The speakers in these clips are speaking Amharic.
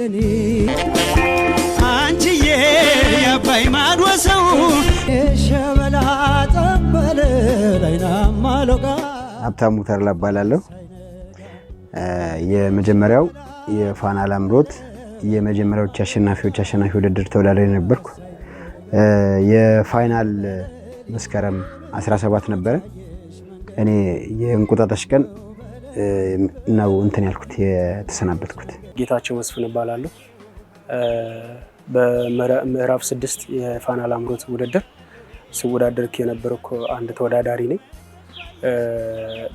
ለኔ አንቺዬ የአባይ ማዶ ሰው የሸበላ ጠበለ ላይናማ ሎቃ ሀብታሙ ተርላ እባላለሁ። የመጀመሪያው የፋና ላምሮት የመጀመሪያዎች አሸናፊዎች አሸናፊ ውድድር ተወዳዳሪ ነበርኩ። የፋይናል መስከረም 17 ነበረ። እኔ የእንቁጣጣሽ ቀን ነው እንትን ያልኩት የተሰናበትኩት። ጌታቸው መስፍን እባላለሁ። በምዕራፍ ስድስት የፋና ላምሮት ውድድር ስወዳደርክ የነበርኩ አንድ ተወዳዳሪ ነኝ።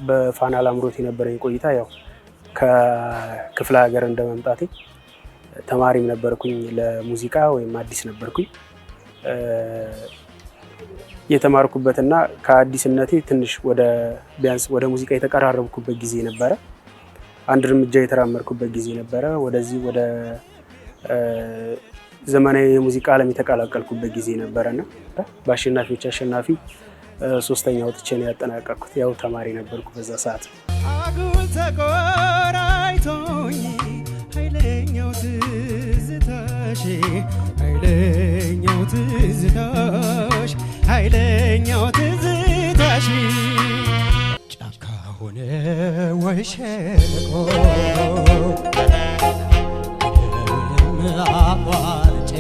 በፋና ላምሮት የነበረኝ ቆይታ ያው ከክፍለ ሀገር እንደመምጣቴ ተማሪም ነበርኩኝ፣ ለሙዚቃ ወይም አዲስ ነበርኩኝ። የተማርኩበትና ከአዲስነቴ ትንሽ ወደ ቢያንስ ወደ ሙዚቃ የተቀራረብኩበት ጊዜ ነበረ። አንድ እርምጃ የተራመድኩበት ጊዜ ነበረ። ወደዚህ ወደ ዘመናዊ የሙዚቃ ዓለም የተቀላቀልኩበት ጊዜ ነበረና በአሸናፊዎች አሸናፊ ሶስተኛ ወጥቼ ነው ያጠናቀቅኩት። ያው ተማሪ ነበርኩ በዛ ሰዓት። አጉል ተቆራይቶኝ ኃይለኛው ትዝታሽ ኃይለኛው ትዝታሽ ኃይለኛው ትዝታሽ ጫካ ሆነ ወይ ሸለቆ አቋርጬ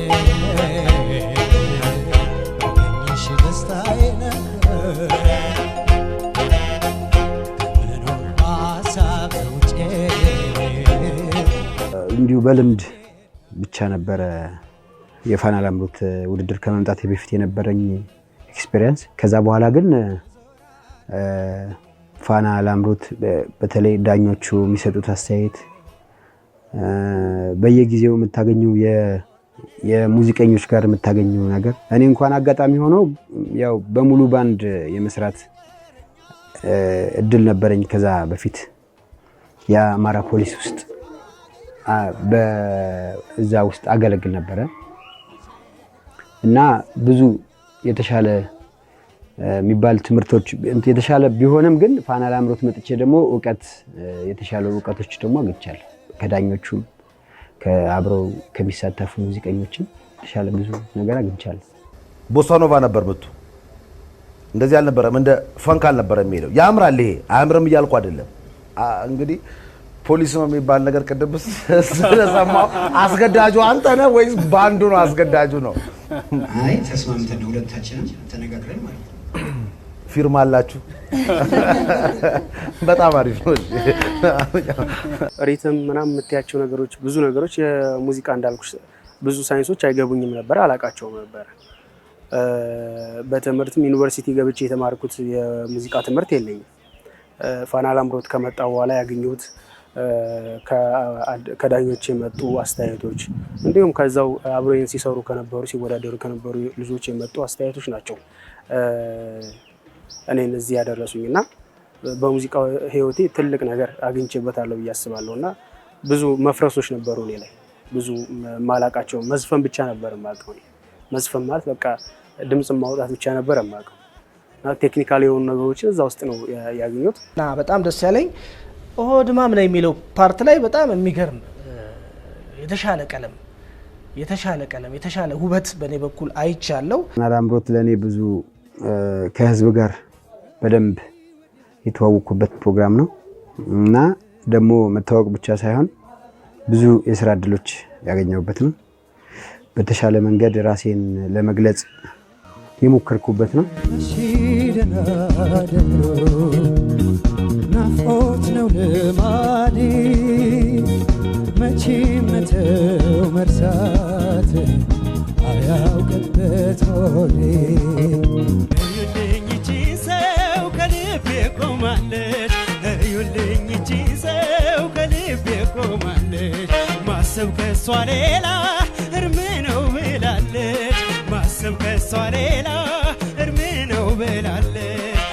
እንዲሁ በልምድ ብቻ ነበረ የፋና ላምሮት ውድድር ከመምጣት በፊት የነበረኝ ኤክስፔሪንስ። ከዛ በኋላ ግን ፋና ላምሮት በተለይ ዳኞቹ የሚሰጡት አስተያየት፣ በየጊዜው የምታገኘው የሙዚቀኞች ጋር የምታገኘው ነገር እኔ እንኳን አጋጣሚ ሆነው ያው በሙሉ ባንድ የመስራት እድል ነበረኝ ከዛ በፊት የአማራ ፖሊስ ውስጥ በዛ ውስጥ አገለግል ነበረ እና ብዙ የተሻለ የሚባል ትምህርቶች የተሻለ ቢሆንም ግን ፋና ላምሮት መጥቼ ደግሞ እውቀት የተሻለ እውቀቶች ደግሞ አግኝቻለሁ። ከዳኞቹም ከአብረው ከሚሳተፉ ሙዚቀኞችም የተሻለ ብዙ ነገር አግኝቻለሁ። ቦሳኖቫ ነበር ምቱ። እንደዚህ አልነበረም፣ እንደ ፈንክ አልነበረም የሚሄደው። ያምራል። ይሄ አያምርም እያልኩ አይደለም እንግዲህ ፖሊስ ነው የሚባል ነገር ቅድም ስለሰማሁ አስገዳጁ አንተ ነህ ወይስ ባንዱ ነው አስገዳጁ ነው? አይ ተስማምተን ሁለታችንም ተነጋግረን ማለት ነው። ፊርማ አላችሁ? በጣም አሪፍ ነው። ሪትም ምናምን የምትያቸው ነገሮች ብዙ ነገሮች የሙዚቃ እንዳልኩሽ ብዙ ሳይንሶች አይገቡኝም ነበር፣ አላቃቸውም ነበር። በትምህርትም ዩኒቨርሲቲ ገብቼ የተማርኩት የሙዚቃ ትምህርት የለኝም። ፋና ላምሮት ከመጣ በኋላ ያገኘሁት ከዳኞች የመጡ አስተያየቶች እንዲሁም ከዛው አብሮኝ ሲሰሩ ከነበሩ ሲወዳደሩ ከነበሩ ልጆች የመጡ አስተያየቶች ናቸው እኔን እዚህ ያደረሱኝ እና በሙዚቃ ህይወቴ ትልቅ ነገር አግኝቼበታለሁ ብዬ አስባለሁ እና ብዙ መፍረሶች ነበሩ እኔ ላይ ብዙ ማላቃቸው መዝፈን ብቻ ነበር የማውቀው። መዝፈን ማለት በቃ ድምፅ ማውጣት ብቻ ነበር የማውቀው። ቴክኒካል የሆኑ ነገሮችን እዛ ውስጥ ነው ያገኙት እና በጣም ደስ ያለኝ ድማም ነው የሚለው ፓርት ላይ በጣም የሚገርም የተሻለ ቀለም የተሻለ ቀለም የተሻለ ውበት በእኔ በኩል አይቻለው። አላምሮት ለእኔ ብዙ ከህዝብ ጋር በደንብ የተዋወቅኩበት ፕሮግራም ነው እና ደግሞ መታወቅ ብቻ ሳይሆን ብዙ የስራ እድሎች ያገኘሁበት ነው። በተሻለ መንገድ ራሴን ለመግለጽ የሞከርኩበት ነው። ናፍቆት ነው ልማዴ መቼም መተው መርሳት አያውቅበት ሆዴ እዩልኝ እቺ ሰው ከልቤ ቆማለች እዩልኝ እቺ ሰው ከልቤ ቆማለች ማሰብ ከሷ ሌላ እርም ነው ብላለች ማሰብ ከሷ ሌላ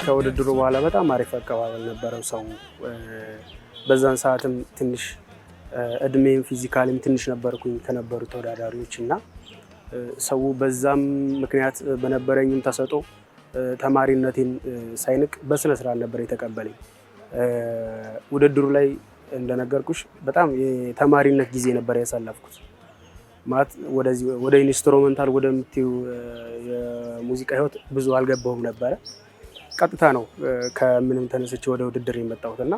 ከውድድሩ በኋላ በጣም አሪፍ አቀባበል ነበረው ሰው። በዛን ሰዓትም ትንሽ እድሜም ፊዚካልም ትንሽ ነበርኩኝ ከነበሩ ተወዳዳሪዎች እና ሰው በዛም ምክንያት በነበረኝም ተሰጦ ተማሪነቴን ሳይንቅ በስነ ስርዓት ነበር የተቀበለኝ። ውድድሩ ላይ እንደነገርኩሽ በጣም የተማሪነት ጊዜ ነበር ያሳለፍኩት። ማለት ወደዚህ ወደ ኢንስትሩመንታል ወደምትይው የሙዚቃ ህይወት ብዙ አልገባሁም ነበረ። ቀጥታ ነው ከምንም ተነስቼ ወደ ውድድር የመጣሁት እና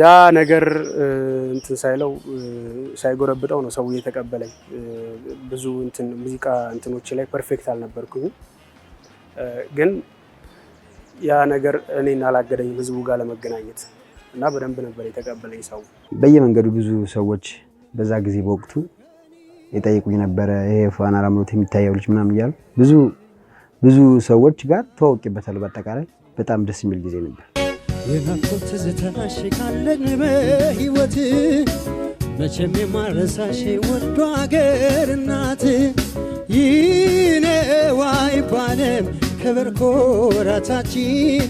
ያ ነገር እንትን ሳይለው ሳይጎረብጠው ነው ሰው የተቀበለኝ። ብዙ እንትን ሙዚቃ እንትኖች ላይ ፐርፌክት አልነበርኩኝም፣ ግን ያ ነገር እኔን አላገደኝም ህዝቡ ጋር ለመገናኘት እና በደንብ ነበር የተቀበለኝ ሰው። በየመንገዱ ብዙ ሰዎች በዛ ጊዜ በወቅቱ የጠየቁኝ ነበረ ይሄ ፋና ላምሮት የሚታየው ልጅ ምናምን እያሉ ብዙ ብዙ ሰዎች ጋር ተዋውቂበታል። በአጠቃላይ በጣም ደስ የሚል ጊዜ ነበር። የናፍቆት ትዝታሽ ካለን በህይወት መቼም የማረሳሽ ወዶ ሀገር እናት ይነዋ ይባለም ክብር ኮራታችን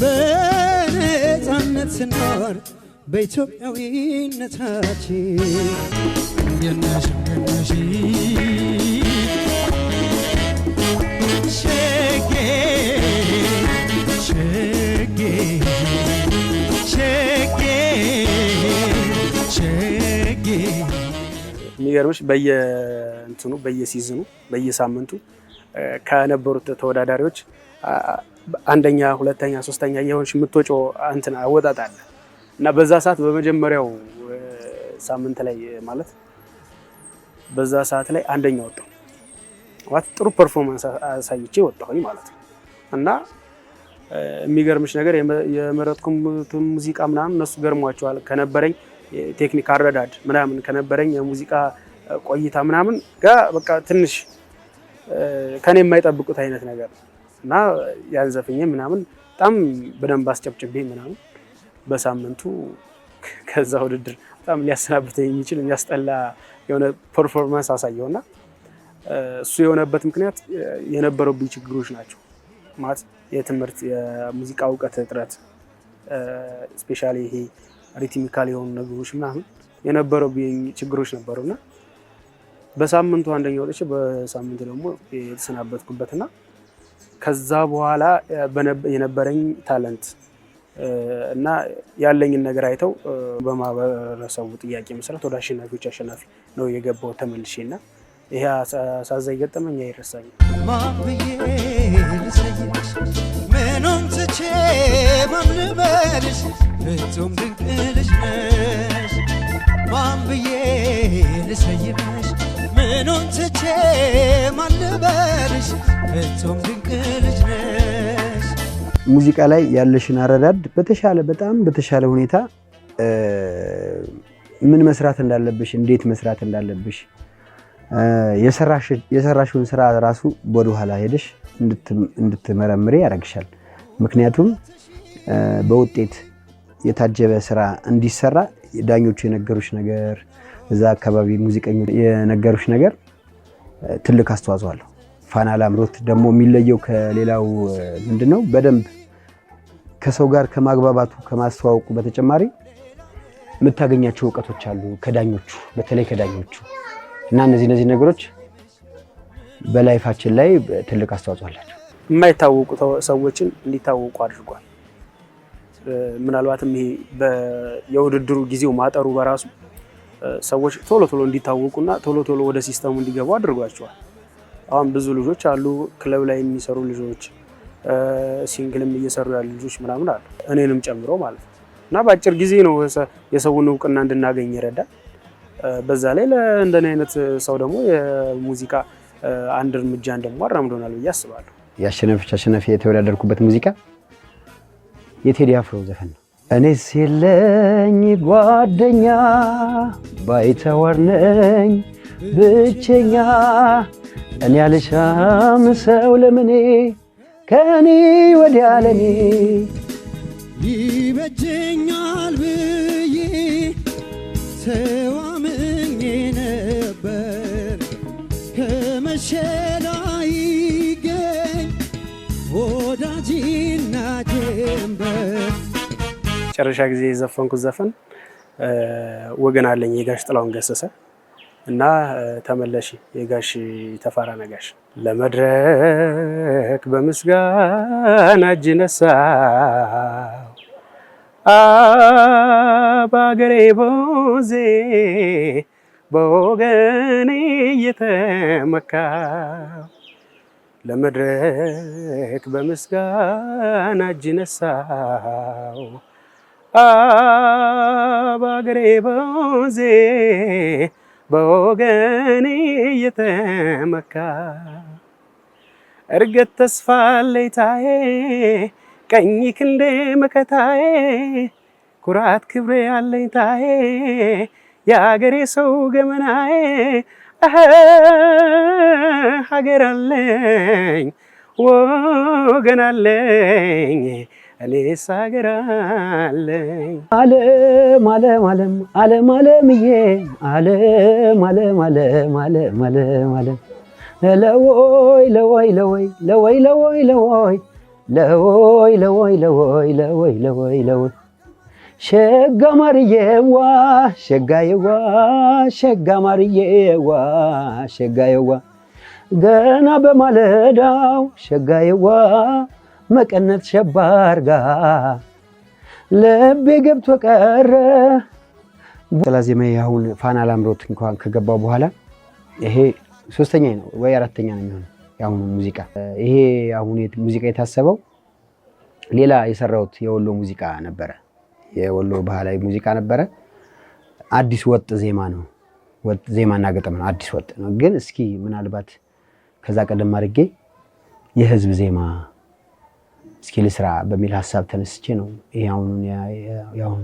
በነፃነት ስንኖር በኢትዮጵያዊነታችን የነሽ የሚገርምሽ በየእንትኑ በየሲዝኑ በየሳምንቱ ከነበሩት ተወዳዳሪዎች አንደኛ፣ ሁለተኛ፣ ሶስተኛ የሆንሽ የምትወጪው እንትን አወጣጥ አለ እና በዛ ሰዓት በመጀመሪያው ሳምንት ላይ ማለት በዛ ሰዓት ላይ አንደኛ ወጣው። ማለት ጥሩ ፐርፎርማንስ አሳይቼ ወጣሁኝ ማለት ነው። እና የሚገርምሽ ነገር የመረጥኩት ሙዚቃ ምናምን እነሱ ገርሟቸዋል። ከነበረኝ ቴክኒክ አረዳድ ምናምን ከነበረኝ የሙዚቃ ቆይታ ምናምን ጋር በቃ ትንሽ ከኔ የማይጠብቁት አይነት ነገር እና ያንዘፍኝ ምናምን በጣም በደንብ አስጨብጭቤ ምናምን በሳምንቱ ከዛ ውድድር በጣም ሊያሰናብተኝ የሚችል የሚያስጠላ የሆነ ፐርፎርማንስ አሳየውና እሱ የሆነበት ምክንያት የነበረብኝ ችግሮች ናቸው። ማለት የትምህርት የሙዚቃ እውቀት እጥረት ስፔሻሊ ይሄ ሪትሚካል የሆኑ ነገሮች ምናምን የነበረብኝ ችግሮች እና በሳምንቱ አንደኛ ወጥቼ በሳምንቱ ደግሞ እና ከዛ በኋላ የነበረኝ ታለንት እና ያለኝን ነገር አይተው በማህበረሰቡ ጥያቄ መሰረት ወደ አሸናፊዎች አሸናፊ ነው የገባው ተመልሼ እና ይሄ አሳዛኝ ገጠመኝ አይረሳኝም። ሙዚቃ ላይ ያለሽን አረዳድ በተሻለ በጣም በተሻለ ሁኔታ ምን መስራት እንዳለብሽ፣ እንዴት መስራት እንዳለብሽ የሰራሽውን ስራ ራሱ ወደኋላ ሄደሽ እንድትመረምሪ ያደርግሻል። ምክንያቱም በውጤት የታጀበ ስራ እንዲሰራ ዳኞቹ የነገሩሽ ነገር፣ እዛ አካባቢ ሙዚቀኞች የነገሩሽ ነገር ትልቅ አስተዋጽኦ አለው። ፋና ላምሮት ደግሞ የሚለየው ከሌላው ምንድን ነው? በደንብ ከሰው ጋር ከማግባባቱ ከማስተዋወቁ በተጨማሪ የምታገኛቸው እውቀቶች አሉ ከዳኞቹ በተለይ ከዳኞቹ እና እነዚህ እነዚህ ነገሮች በላይፋችን ላይ ትልቅ አስተዋጽኦ አላቸው። የማይታወቁ ሰዎችን እንዲታወቁ አድርጓል። ምናልባትም ይሄ የውድድሩ ጊዜው ማጠሩ በራሱ ሰዎች ቶሎ ቶሎ እንዲታወቁና ቶሎ ቶሎ ወደ ሲስተሙ እንዲገቡ አድርጓቸዋል። አሁን ብዙ ልጆች አሉ፣ ክለብ ላይ የሚሰሩ ልጆች፣ ሲንግልም እየሰሩ ያሉ ልጆች ምናምን አሉ፣ እኔንም ጨምሮ ማለት ነው። እና በአጭር ጊዜ ነው የሰውን እውቅና እንድናገኝ ይረዳል። በዛ ላይ ለእንደኔ አይነት ሰው ደግሞ የሙዚቃ አንድ እርምጃን ደግሞ አራምዶናል ብዬ አስባለሁ። የአሸናፊዎች አሸናፊ የተወዳደርኩበት ሙዚቃ የቴዲ አፍሮ ዘፈን ነው። እኔስ የለኝ ጓደኛ ባይተዋር ነኝ ብቸኛ እኔ ያልሻም ሰው ለምኔ ከኔ ወዲያ ለኔ ይበጀኛል ብዬ ለመጨረሻ ጊዜ የዘፈንኩት ዘፈን ወገን አለኝ የጋሽ ጥላውን ገሰሰ እና ተመለሽ የጋሽ ተፈራ ነጋሽ። ለመድረክ በምስጋና እጅ ነሳው በአገሬ ቦዜ በወገኔ እየተመካው ለመድረክ በምስጋና እጅ ነሳው በአገሬ በወንዜ በወገኔ እየተመካ እርገት ተስፋ ለይታዬ ቀኝ ክንዴ መከታዬ ኩራት ክብሬ አለኝታዬ የአገሬ ሰው ገመናዬ ሀገር አለኝ ወገን አለኝ እኔስ ሀገር አለኝ አለም አለም አለም አለም አለምዬ አለም አለም አለም አለም አለም አለም ለወይ ለወይ ለወይ ለወይ ለወይ ለወይ ለወይ ለወይ ለወይ ለወይ ለወይ ለወይ ሸጋ ማርዬዋ ሸጋዬዋ ሸጋ ማርዬዋ ሸጋዬዋ ገና በማለዳው ሸጋዬዋ መቀነት ሸባርጋ ልቤ ገብቶ ቀረ። ዜማ አሁን ፋና ላምሮት እንኳን ከገባው በኋላ ይሄ ሶስተኛ ነው ወይ አራተኛ ነው የሚሆነው የአሁኑ ሙዚቃ። ይሄ አሁን ሙዚቃ የታሰበው ሌላ የሰራሁት የወሎ ሙዚቃ ነበረ፣ የወሎ ባህላዊ ሙዚቃ ነበረ። አዲስ ወጥ ዜማ ነው፣ ወጥ ዜማና ገጠም ነው፣ አዲስ ወጥ ነው። ግን እስኪ ምናልባት ከዛ ቀደም አድርጌ የህዝብ ዜማ እስኪ ልስራ በሚል ሀሳብ ተነስቼ ነው ይሄ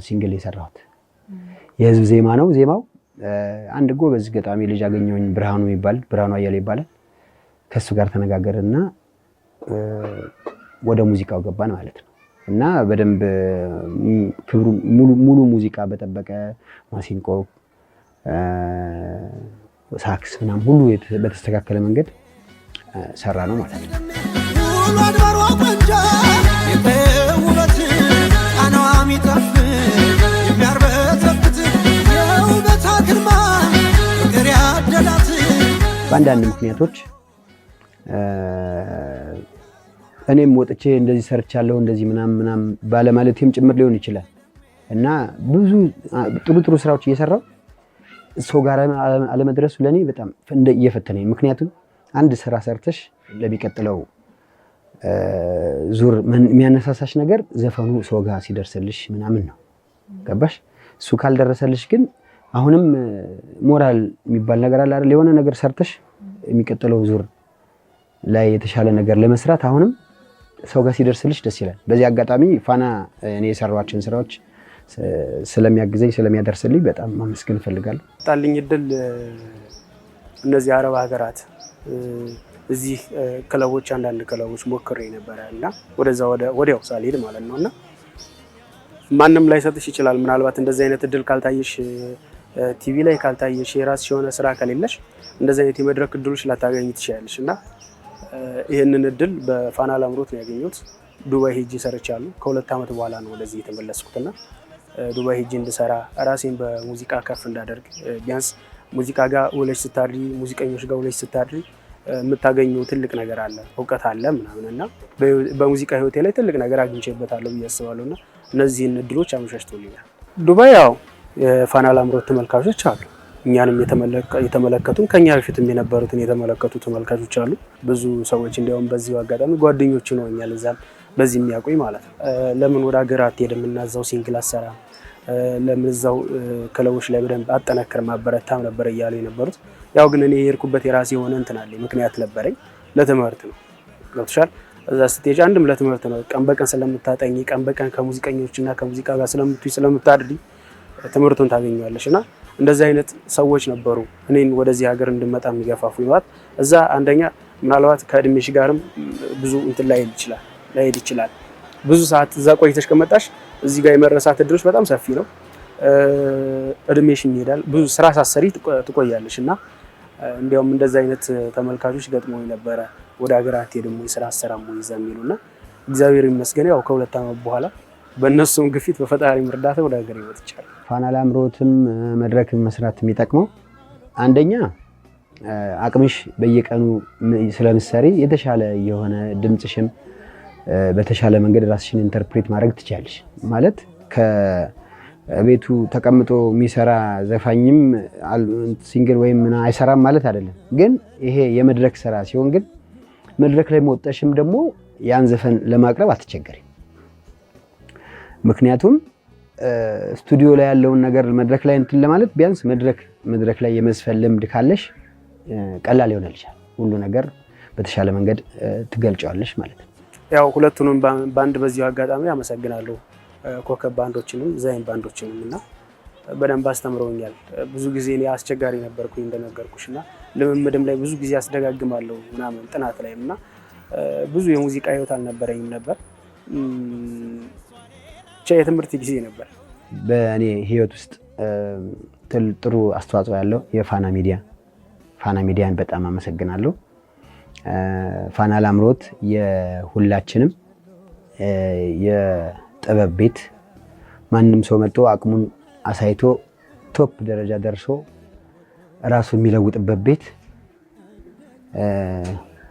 ሲንግል የሰራሁት። የህዝብ ዜማ ነው። ዜማው አንድ ጎበዝ ገጣሚ ልጅ አገኘሁኝ፣ ብርሃኑ ይባል ብርሃኑ አያሌ ይባላል። ከእሱ ጋር ተነጋገርና ወደ ሙዚቃው ገባን ማለት ነው። እና በደንብ ክብሩ ሙሉ ሙዚቃ በጠበቀ ማሲንቆ፣ ሳክስ ምናምን ሁሉ በተስተካከለ መንገድ ሰራ ነው ማለት ነው። የአድባሯ በአንዳንድ ምክንያቶች እኔም ወጥቼ እንደዚህ ሰርቻለሁ እንደዚህ ምናም ምናምን ባለማለቴም ጭምር ሊሆን ይችላል እና ብዙ ጥሩ ጥሩ ስራዎች እየሰራው ሰው ጋር አለመድረሱ ለእኔ በጣም እየፈተነኝ። ምክንያቱም አንድ ስራ ሰርተሽ ለሚቀጥለው ዙር የሚያነሳሳሽ ነገር ዘፈኑ ሶጋ ሲደርስልሽ ምናምን ነው። ገባሽ? እሱ ካልደረሰልሽ ግን አሁንም ሞራል የሚባል ነገር አለ አይደል? የሆነ ነገር ሰርተሽ የሚቀጥለው ዙር ላይ የተሻለ ነገር ለመስራት አሁንም ሰው ጋር ሲደርስልሽ ደስ ይላል። በዚህ አጋጣሚ ፋና እኔ የሰሯችን ስራዎች ስለሚያግዘኝ ስለሚያደርስልኝ በጣም ማመስገን እፈልጋለሁ። ጣልኝ እድል እነዚህ አረብ ሀገራት እዚህ ክለቦች አንዳንድ ክለቦች ሞክሬ ነበረ እና ወደዛ ወዲያው ሳልሄድ ማለት ነው እና ማንም ላይሰጥሽ ይችላል። ምናልባት እንደዚህ አይነት እድል ካልታየሽ፣ ቲቪ ላይ ካልታየሽ፣ የራስሽ የሆነ ስራ ከሌለሽ እንደዚህ አይነት የመድረክ እድሎች ላታገኝ ትችላለሽ እና ይህንን እድል በፋና ላምሮት ነው ያገኘሁት። ዱባይ ሰርች ሰርቻለሁ። ከሁለት ዓመት በኋላ ነው ወደዚህ የተመለስኩትና ዱባይ ሄጅ እንድሰራ ራሴን በሙዚቃ ከፍ እንዳደርግ ቢያንስ ሙዚቃ ጋር ውለሽ ስታድሪ፣ ሙዚቀኞች ጋር ውለሽ ስታድሪ የምታገኘው ትልቅ ነገር አለ፣ እውቀት አለ ምናምን እና በሙዚቃ ህይወቴ ላይ ትልቅ ነገር አግኝቼበታለሁ ብዬ አስባለሁ እና እነዚህን እድሎች አመቻችቶልኛል። ዱባይ ያው የፋና ላምሮት ተመልካቾች አሉ፣ እኛንም የተመለከቱን ከኛ በፊትም የነበሩትን የተመለከቱ ተመልካቾች አሉ። ብዙ ሰዎች እንዲያውም በዚ አጋጣሚ ጓደኞች ነው እኛ ለዛም በዚህ የሚያውቁኝ ማለት ነው። ለምን ወደ ሀገር አትሄድም የምናዛው ሲንግል አሰራ። ለምን እዛው ክለቦች ላይ በደንብ አጠናክር ማበረታም ነበር እያሉ የነበሩት። ያው ግን እኔ የሄድኩበት የራሴ የሆነ እንትን አለኝ ምክንያት ነበረኝ። ለትምህርት ነው ገብቶሻል። እዛ ስቴጅ አንድም ለትምህርት ነው። ቀን በቀን ስለምታጠኝ፣ ቀን በቀን ከሙዚቀኞች እና ከሙዚቃ ጋር ስለምትይ ስለምታድሪ ትምህርቱን ታገኘዋለሽ እና እንደዚህ አይነት ሰዎች ነበሩ እኔን ወደዚህ ሀገር እንድመጣ የሚገፋፉ ይሏት። እዛ አንደኛ ምናልባት ከእድሜሽ ጋርም ብዙ እንትን ላይሄድ ይችላል ላይሄድ ይችላል ብዙ ሰዓት እዛ ቆይተሽ ከመጣሽ እዚህ ጋር የመረሳት እድሎች በጣም ሰፊ ነው። እድሜሽን ይሄዳል። ብዙ ስራ ሳሰሪ ትቆያለሽ እና እንዲያውም እንደዚ አይነት ተመልካቾች ገጥሞ ነበረ ወደ ሀገር አትሄድም ወይ ስራ አሰራም ወይ እዛ እግዚአብሔር ይመስገን ያው ከሁለት ዓመት በኋላ በእነሱም ግፊት በፈጣሪም እርዳታ ወደ ሀገር ይወጥ ይቻል። ፋና ላምሮትም መስራት የሚጠቅመው አንደኛ አቅምሽ በየቀኑ ስለምሰሪ የተሻለ የሆነ ድምፅሽም በተሻለ መንገድ ራስሽን ኢንተርፕሬት ማድረግ ትችያለሽ። ማለት ከቤቱ ተቀምጦ የሚሰራ ዘፋኝም ሲንግል ወይም አይሰራም ማለት አይደለም። ግን ይሄ የመድረክ ስራ ሲሆን ግን መድረክ ላይ መወጠሽም ደግሞ ያን ዘፈን ለማቅረብ አትቸገሪ። ምክንያቱም ስቱዲዮ ላይ ያለውን ነገር መድረክ ላይ እንትን ለማለት ቢያንስ መድረክ መድረክ ላይ የመዝፈን ልምድ ካለሽ ቀላል ይሆናልሻል። ሁሉ ነገር በተሻለ መንገድ ትገልጫዋለሽ ማለት ነው። ያው ሁለቱንም ባንድ በዚሁ አጋጣሚ አመሰግናለሁ። ኮከብ ባንዶችንም ዛይን ባንዶችንም እና በደንብ አስተምረውኛል። ብዙ ጊዜ እኔ አስቸጋሪ ነበርኩኝ እንደነገርኩሽ እና ልምምድም ላይ ብዙ ጊዜ አስደጋግማለሁ ምናምን ጥናት ላይም እና ብዙ የሙዚቃ ህይወት አልነበረኝም ነበር ብቻ የትምህርት ጊዜ ነበር። በእኔ ህይወት ውስጥ ጥሩ አስተዋጽኦ ያለው የፋና ሚዲያ ፋና ሚዲያን በጣም አመሰግናለሁ። ፋና ላምሮት የሁላችንም የጥበብ ቤት ማንም ሰው መጥቶ አቅሙን አሳይቶ ቶፕ ደረጃ ደርሶ ራሱ የሚለውጥበት ቤት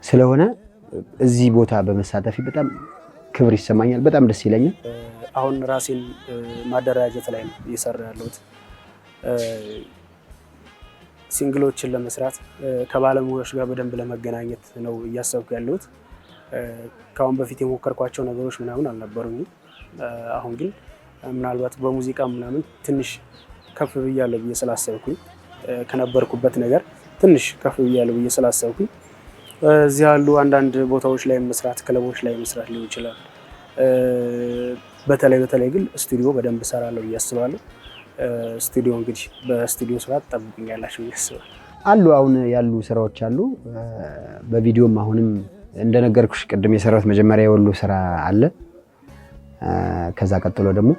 ስለሆነ እዚህ ቦታ በመሳተፊ በጣም ክብር ይሰማኛል። በጣም ደስ ይለኛል። አሁን ራሴን ማደራጀት ላይ ነው እየሰራ ያለሁት። ሲንግሎችን ለመስራት ከባለሙያዎች ጋር በደንብ ለመገናኘት ነው እያሰብኩ ያለሁት። ከአሁን በፊት የሞከርኳቸው ነገሮች ምናምን አልነበሩኝም። አሁን ግን ምናልባት በሙዚቃ ምናምን ትንሽ ከፍ ብያለሁ ብዬ ስላሰብኩኝ ከነበርኩበት ነገር ትንሽ ከፍ ብያለሁ ብዬ ስላሰብኩኝ እዚህ ያሉ አንዳንድ ቦታዎች ላይ መስራት፣ ክለቦች ላይ መስራት ሊሆን ይችላል። በተለይ በተለይ ግን ስቱዲዮ በደንብ እሰራለሁ ብዬ አስባለሁ። ስቱዲዮ እንግዲህ በስቱዲዮ ስራ ትጠብቁኛላችሁ ያስባል አሉ አሁን ያሉ ስራዎች አሉ። በቪዲዮም አሁንም እንደነገርኩሽ ቅድም የሰራሁት መጀመሪያ የወሎ ስራ አለ። ከዛ ቀጥሎ ደግሞ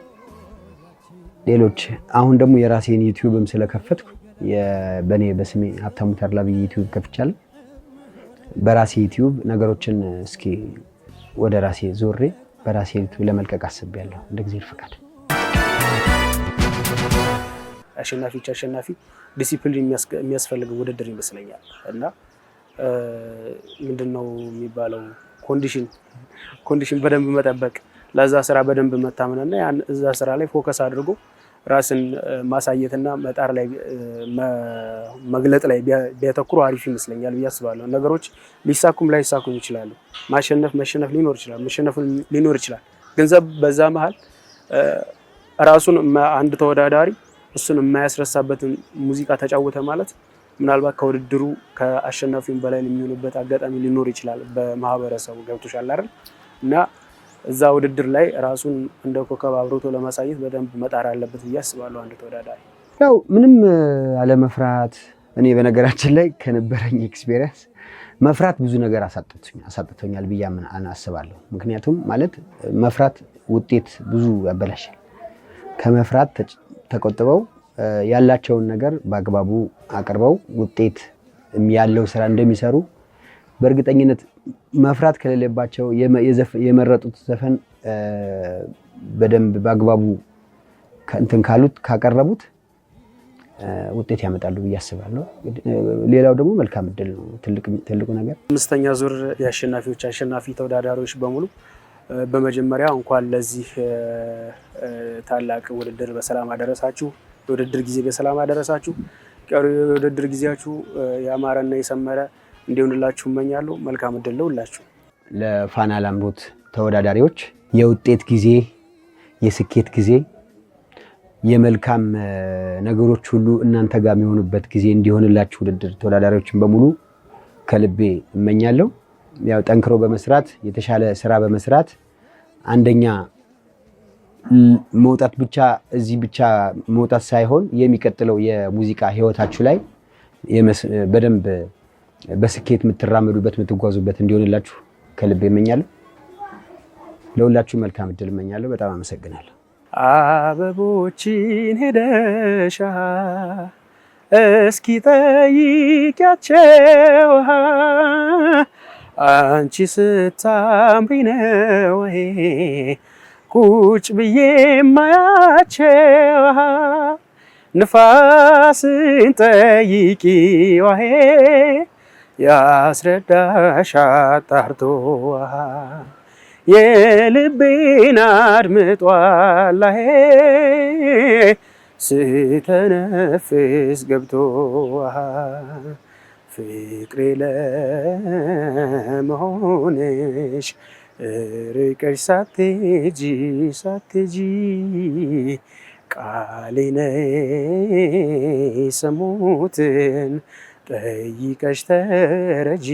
ሌሎች አሁን ደግሞ የራሴን ዩቲዩብም ስለከፈትኩ በእኔ በስሜ ሀብታሙ ተድላ ዩቲዩብ ከፍቻለሁ። በራሴ ዩቲዩብ ነገሮችን እስኪ ወደ ራሴ ዞሬ በራሴ ዩቲዩብ ለመልቀቅ አስቤያለሁ እንደ እግዚአብሔር ፈቃድ። አሸናፊዎች አሸናፊ ዲሲፕሊን የሚያስፈልገው ውድድር ይመስለኛል እና ምንድን ነው የሚባለው ኮንዲሽን ኮንዲሽን በደንብ መጠበቅ ለዛ ስራ በደንብ መታመንና ያን እዛ ስራ ላይ ፎከስ አድርጎ ራስን ማሳየትና መጣር ላይ መግለጥ ላይ ቢያተኩሩ አሪፍ ይመስለኛል ብዬ አስባለሁ። ነገሮች ሊሳኩም ላይሳኩም ይችላሉ። ማሸነፍ መሸነፍ ሊኖር ይችላል፣ መሸነፍ ሊኖር ይችላል። ገንዘብ በዛ መሀል ራሱን አንድ ተወዳዳሪ እሱን የማያስረሳበትን ሙዚቃ ተጫወተ ማለት ምናልባት ከውድድሩ ከአሸናፊውን በላይ የሚሆንበት አጋጣሚ ሊኖር ይችላል። በማህበረሰቡ ገብቶሻል አይደል? እና እዛ ውድድር ላይ ራሱን እንደ ኮከብ አብርቶ ለማሳየት በደንብ መጣር አለበት ብዬ አስባለሁ። አንድ ተወዳዳሪ ያው ምንም አለመፍራት። እኔ በነገራችን ላይ ከነበረኝ ኤክስፔሪንስ መፍራት ብዙ ነገር አሳጥቶኛል ብዬ አስባለሁ። ምክንያቱም ማለት መፍራት ውጤት ብዙ ያበላሻል። ከመፍራት ተቆጥበው ያላቸውን ነገር በአግባቡ አቅርበው ውጤት ያለው ስራ እንደሚሰሩ በእርግጠኝነት መፍራት ከሌለባቸው የመረጡት ዘፈን በደንብ በአግባቡ እንትን ካሉት ካቀረቡት ውጤት ያመጣሉ ብዬ አስባለሁ። ሌላው ደግሞ መልካም እድል ነው ትልቁ ነገር። አምስተኛ ዙር የአሸናፊዎች አሸናፊ ተወዳዳሪዎች በሙሉ በመጀመሪያ እንኳን ለዚህ ታላቅ ውድድር በሰላም አደረሳችሁ። የውድድር ጊዜ በሰላም አደረሳችሁ። ቀሪ የውድድር ጊዜያችሁ የአማረና የሰመረ እንዲሆንላችሁ እመኛለሁ። መልካም እድል ለሁላችሁ። ለፋና ላምሮት ተወዳዳሪዎች የውጤት ጊዜ፣ የስኬት ጊዜ፣ የመልካም ነገሮች ሁሉ እናንተ ጋር የሚሆኑበት ጊዜ እንዲሆንላችሁ ውድድር ተወዳዳሪዎችን በሙሉ ከልቤ እመኛለሁ። ያው ጠንክሮ በመስራት የተሻለ ስራ በመስራት አንደኛ መውጣት ብቻ እዚህ ብቻ መውጣት ሳይሆን የሚቀጥለው የሙዚቃ ህይወታችሁ ላይ በደንብ በስኬት የምትራመዱበት የምትጓዙበት እንዲሆንላችሁ ከልብ እመኛለሁ። ለሁላችሁ መልካም እድል እመኛለሁ። በጣም አመሰግናለሁ። አበቦችን ሄደሻ እስኪ ጠይቂያቸው አንቺ ስታምሪ ነው ቁጭ ብዬ ማያቸው ንፋስን ጠይቂ ዋሄ ያስረዳሽ አጣርቶ የልቤን አድምጧል ላሄ ስተነፍስ ገብቶ ፍቅሬ ለመሆንሽ ርቀሽ ሳትጂ ሳትሄጂ ቃሌ ነይ ሰሙትን ጠይቀሽ ተረጂ